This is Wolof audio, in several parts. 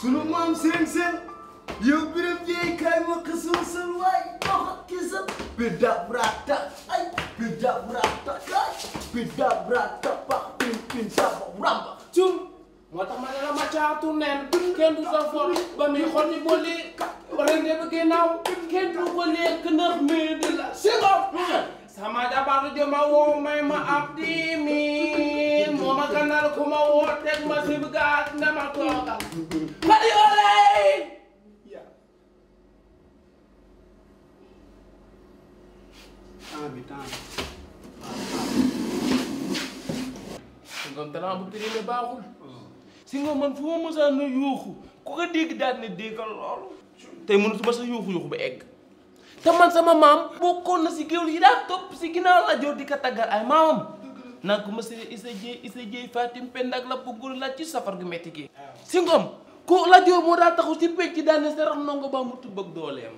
sunu maam seen seen yow biram jeey kay ma xësul seen waay doxa kisal bidda brata ay bidda brata kay bidda brata pax pin pin saba ramba cum moo ma ne ma caatu neen kenn du sa ba muy xol ni boole rende ba ginnaaw kenn du ko lekk ndax mii di sama jabar jëma woo may ma ab di ma gànnaaru ku ma woo teg ma si gaas ne ma toogal ma di oley temps bi temps oh. si Ngom man fu ma mosaan yuuxu ku ko dégg daal ne déggal loolu tey mënutuma sa yuuxu yuuxu ba egg te man sama maam bokkoon na si géwél yi daa topp si ginnaaw la joor di ko taggal ay maamam naa ko monsieur Issa Dieye Issa Dieye Fatim Penda ak la bëggul laaj ci safar gu metti gi si ngoom ku la joo moo daal taxu si penc daal ne sa nongo baa mu tubb ak dooleem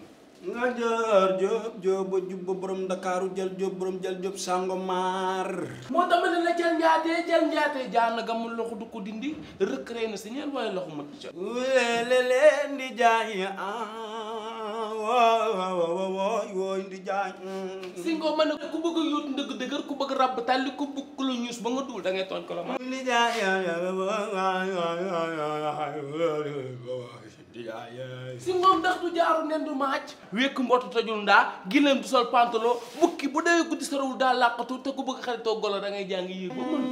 nga jër jóob jóoba jubba borom ndakaaru jël jóob borom jël jóob sàngomaar moo dama ne la jël njaatee jël njaatee jaan nga mu loxo du ko dindi rëkk rey na si ñeen waaye loxo ma du ca weele leen di jaay wooy ndi jaay singo ma ne ku bëgg yóot ndëgg dëgër ku bëgg ràbb tàlli ku bëgg lu ñuus ba nga duul da ngay tooñ ko la ma ndi jaay si ngoom ndax du jaaru nen du maaj wékk mbootu tajul ndaa gileem du sol pantalon bukki bu dee guddi sarawul daa làqatu te ku bëgg xaritoo golo da ngay jàng yéeg ba mën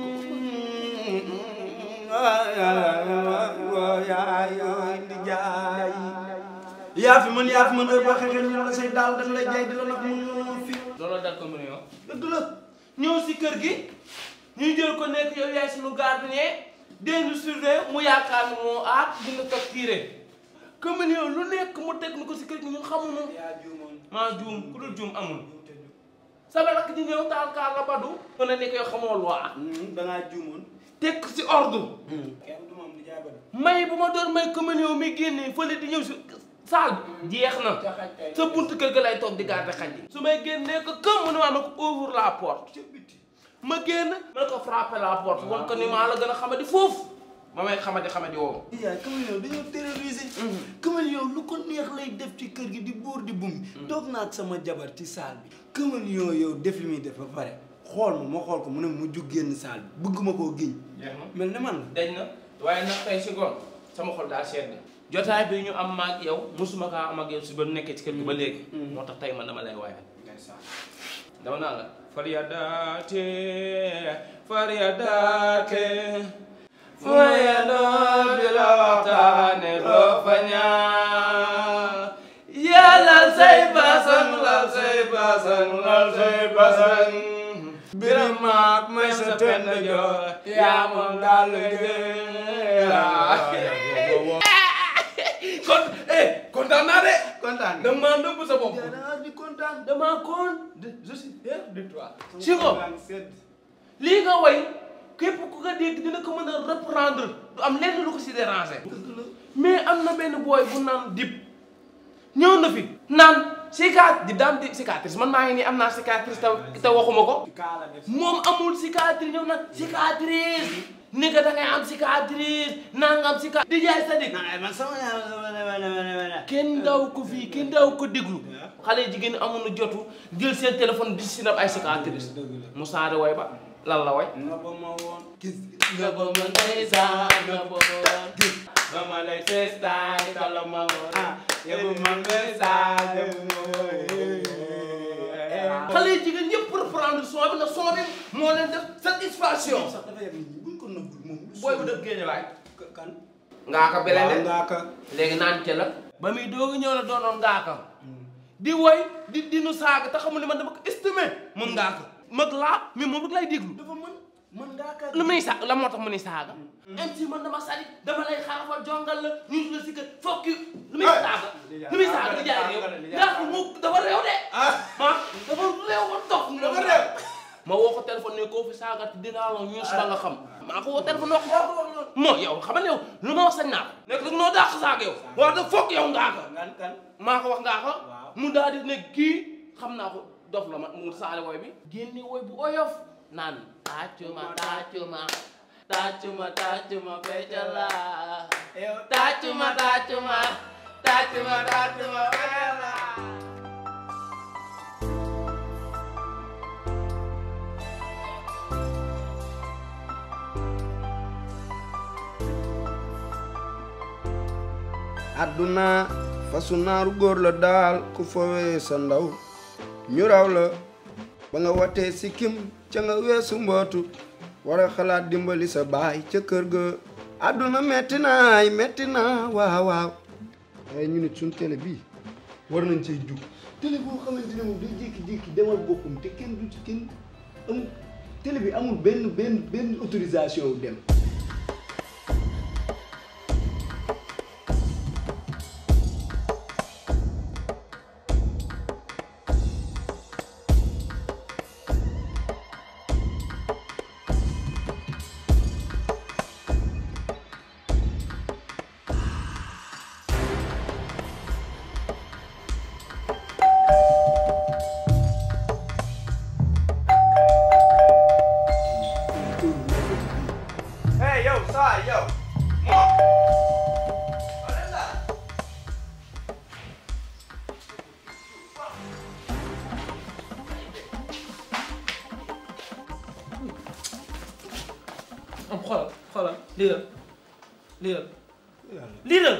ko yaay yaay ndi jaay yaa fi mën yaa fi mën heure boo xeexee ñu ne la say daal dañ lay jaay di la nag mu ñëw fii. looloo dal ko mënuñoo. dëgg la ñëw si kër gi ñu jël ko nekk yow yaay suñu gardien dégg surveiller mu yaakaar ne moo aar dina toog tiire. que yow lu nekk mu teg ni ko si kër gi ñun xamuñu. maa juum ku dul juum amul. sama rakk di ñëw taal kaar la badu. mën na nekk yow xamoo loo ah. Hmm, da ngaa juumoon. teg si ordre. Hmm. may bu ma doon may que yow mi génnee fële di ñëw si. saal bi jeex na sa buntu kër ga lay toog di garder xaj yi su may génnee ko këm mu ne maa ma ko ouvre la porte ma génn ma ko frappé la ko ni maa la a xamadi foofu ma may xamadi xamadi woowu yaay Kamel yow mhm. ko neex lay def ci kër gi di buur di bum mhm. toog naa ak sama jabar ci saal bi Kamel yow yow def li muy def ba pare xool ma ma xool ko mu ne mu jug génn saal bi bëgg koo giñ mel ne man dañ na waaye nag tey si goon sama xol daa sedd jotaay bi ñu am ma ak yow mosuma kaa am ak si ba nekkee ci kër gi ba mm-hmm. léegi. Mm-hmm. moo tax tey ma dama ma waayal. dama naa la. faryadaate faryadaate. fooyandoo bi la waxtaane doo fa ñaar. yàlla say basan lal say basan lal say basan. biram maak sa pend joor yaa moom daal liggéey kontaan naa de. kontaan na maa nëbb sa bopp. yàlla di kontaan damaa kon je suis fier de toi. Chico lii nga way képp ku nga dégg dina ko mën a reprendre du am lenn lu si déranger. mais am na benn booy bu naan dip ñëw na fi naan. cicatrice di daan di cicatrice man maa ngi nii am naa cicatrice te te waxuma ko. amul cicatrice ñëw ni que da ngay am cicatrice nangam cicatrice. di kenn daw ko fii kenn daw ko déglu. xale jigéen amuñu jotu jël seen téléphone di sinap ay cicatrice. Moussa de way la way. nga ba ma woon. gis nga ba ma ndeysaan nga ba ma woon. na son moo leen def booy bu dëkk Géejawaay. kan. ngaaka Belende ngaaka. léegi naan ca la. ba muy doog a ñëw la doonoon ngaaka. di woy di dinu saaga te xamul ne man dama ko estimé mën ngaaka. mag laa mais moom rek lay déglu. lu muy sa la moo tax mu ni saaga. même si man dama sari dama lay xarafal jongal la ñu la si kër fokk eh! lu muy saaga. lu muy saaga di jaay réew. ngaaka mu dafa réew de. ah dafa réew ba toog. ma woo ko téléphone ne koo fi saagati dinaa la ñuus ba nga maa ko woo téléphone wax ko moo yow xam nga yow lu ma wax sañ naa ko nekk dag noo dàq saak yow wax da foog yow ngaa ko maa ko wax ngaa ko mu daal di ne kii xam naa ko dof la ma mu saale wooy bi génne wooy bu oyof naan tàccuma tàccuma tàccuma tàccuma béjala tàccuma tàccuma tàccuma tàccuma béjala àdduna fasu naaru góor la daal ku fowee sa ndaw ñu la ba nga watee si kim ca nga weesu mbootu war a xalaat dimbali sa baay ca kër ga àdduna metti naay metti na waaw waaw waaye ñu nit suñ télé bii war nañ cey jug télé boo xamante ne moom te kenn du ci kenn amul télé bi amul benn benn benn dem am xoolal xoolal liiral liiral liiral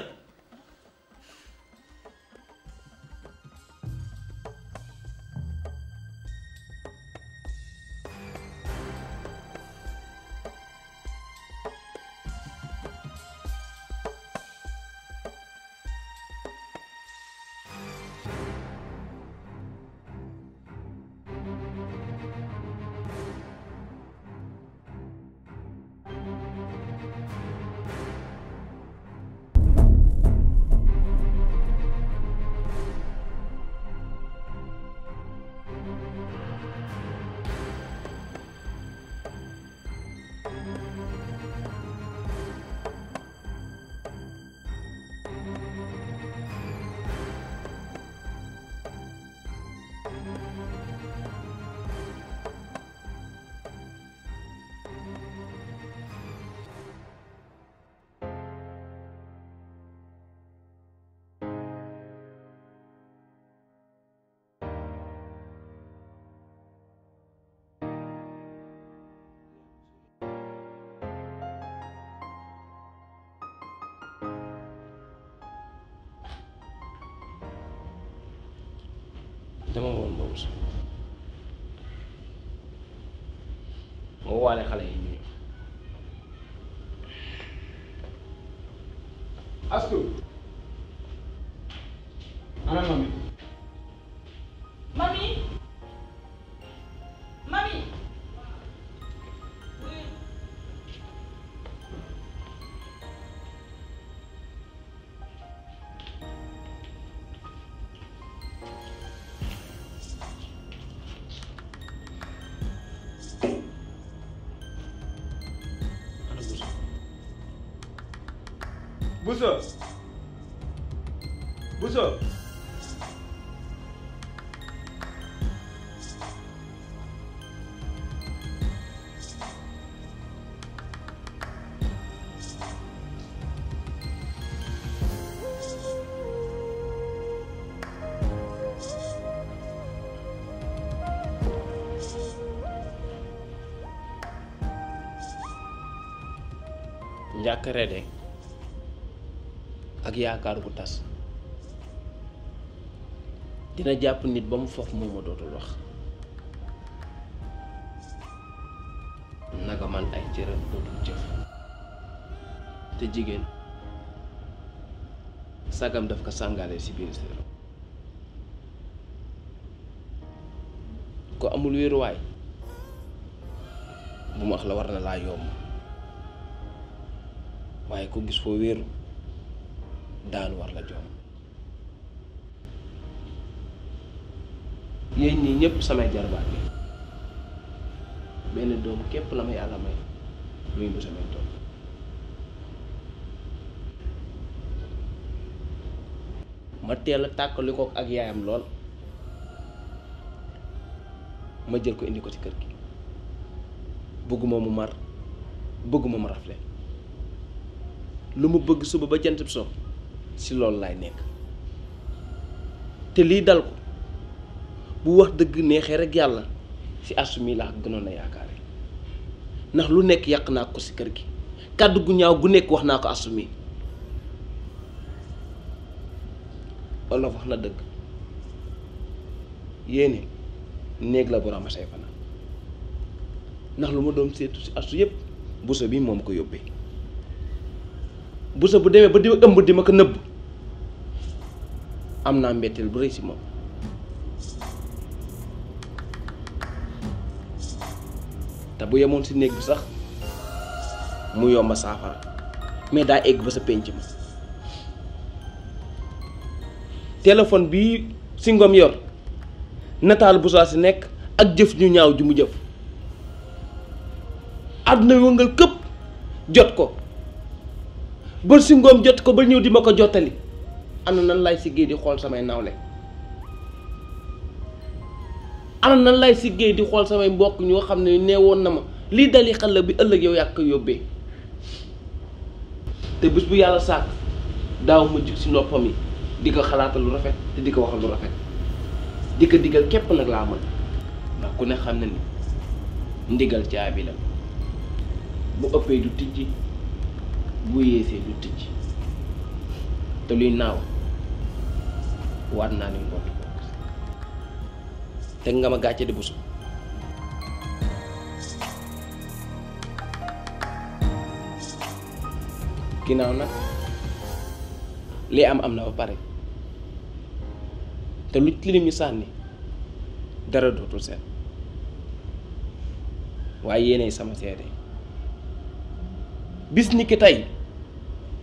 dama woon boobu sax moo waale xale yi ñu astu ana mami Bousso Bousso njàkkare de ak yaakaar gu tas dina jàpp nit ba mu foofu moom ma dootul wax naka man ay cëram dootul jëf te jigéen sagam daf ko sàngaale si biir ko amul wéeruwaay bu ma wax la war na laa yomb waaye ko gis foo wéeru daan war la joom yéen ñii ñëpp samay jarbaat bi benn doom képp la ma yàlla may muy mu samay doom ma teel a tàkkali ko ak yaayam lool ma jël ko indi ko ci kër gi bëgguma mu mar bëgguma mu rafle lu mu bëgg suba ba jant bi so si loolu laay nekk te lii dal ko bu wax dëgg neexee rek yàlla si asu mi laa gënoon a yaakaare ndax lu nekk yàq naa ko si kër gi kàddu gu ñaaw gu nekk wax naa ko asu mi wax na dëgg yéene néeg la borom a say fana ndax lu ma doom seetu si asu yëpp buso bi moom ko yóbbee bu sa bu demee ba di ëmb di ma ko nëbb am naa mbetteel bu rëy si moom te bu yemoon si néeg bi sax mu yomba saafara mais daa egg ba sa pénc ma téléphone bii si ngom yor nataal bu saa si nekk ak jëf ñu ñaaw ju mu jëf àdduna wëngal këpp jot ko bër si ngoom jot ko ba ñëw di ma ko jottali am na nan lay siggee di xool samay nawle ana nan lay si siggee di xool samay mbokk ñoo xam ne neewoon na ma lii dali xale bi ëllëg yow yàq ko yóbbee te bés bu yàlla sàkk daaw ma jug si noppam yi di ko xalaatal lu rafet di ko waxal lu rafet di ko digal képp nag laa mën ndax ku ne xam na ni ndigal caabi la bu ëppee du tijji bu yéesee du tëj te luy naaw waat naa ni ngont te nga ma gàcce di busu ginnaaw nag li am am na ba pare te lu tilim ñu sànni dara dootul seen waaye yéenay sama seede bis ni ki tey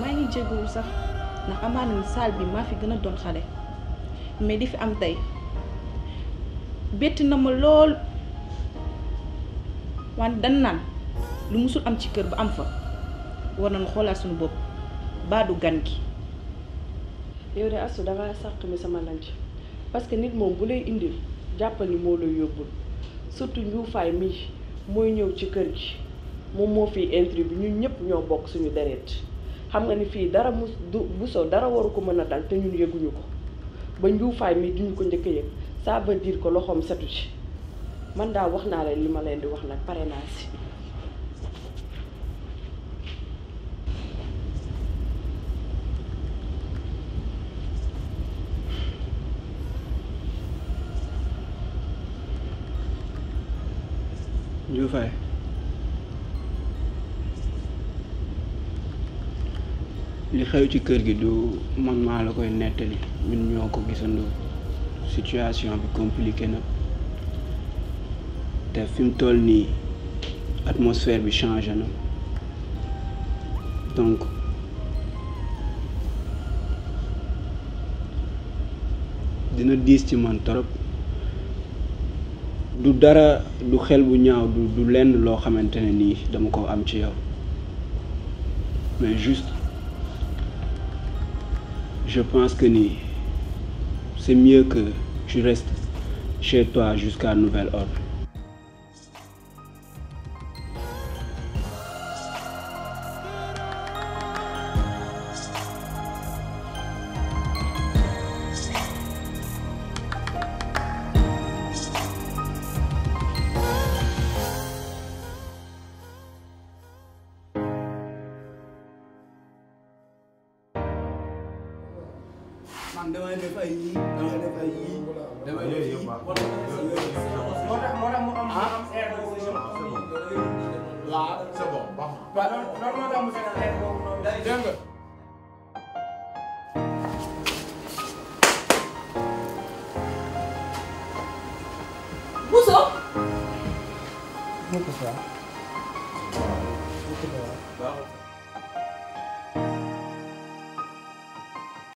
maa ngi jégalu sax ndax amaana ni bi maa fi gën a doon xale mais di fi am tey bett na ma lool wante dan naan lu musul am ci kër ba am fa war na xoolaat suñu bopp baadu gan gi. yow de asu dangaa sàq mi sama lanc parce que nit moom bu lay indil jàppal ni moo lay yóbbul surtout njuufaay mii mooy ñëw ci kër gi moom moo fiy intrigue bi ñun ñëpp ñoo bokk suñu deret xam nga ni fii dara mu du Bousso dara waru ko mën a dal te ñun yëguñu ko ba njuufaay mii duñu ko njëkk a yëg ça veut dire loxoom setu ci man daa wax naa leen li ma leen di wax nag pare naa si. njuufaay. li xew ci kër gi du man maa la koy nettali ñun ñoo ko gisandoo situation bi compliqué na te fi mu toll nii atmosphère bi changé na donc dina diis ci man torop du dara du xel bu ñaaw du du lenn loo xamante ne nii dama ko am ci yow mais juste je pense que ni c'est mieux que je reste chez toi jusqu'à nouvel ordre man damay def ay yii damay def ay yii. damay def yii moo tax moo tax mu am. ah c'est bon waaw c'est bon baax na. waaw loolu moo tax mu fekk xeetu boobu noonu. dégg nga. Bousso.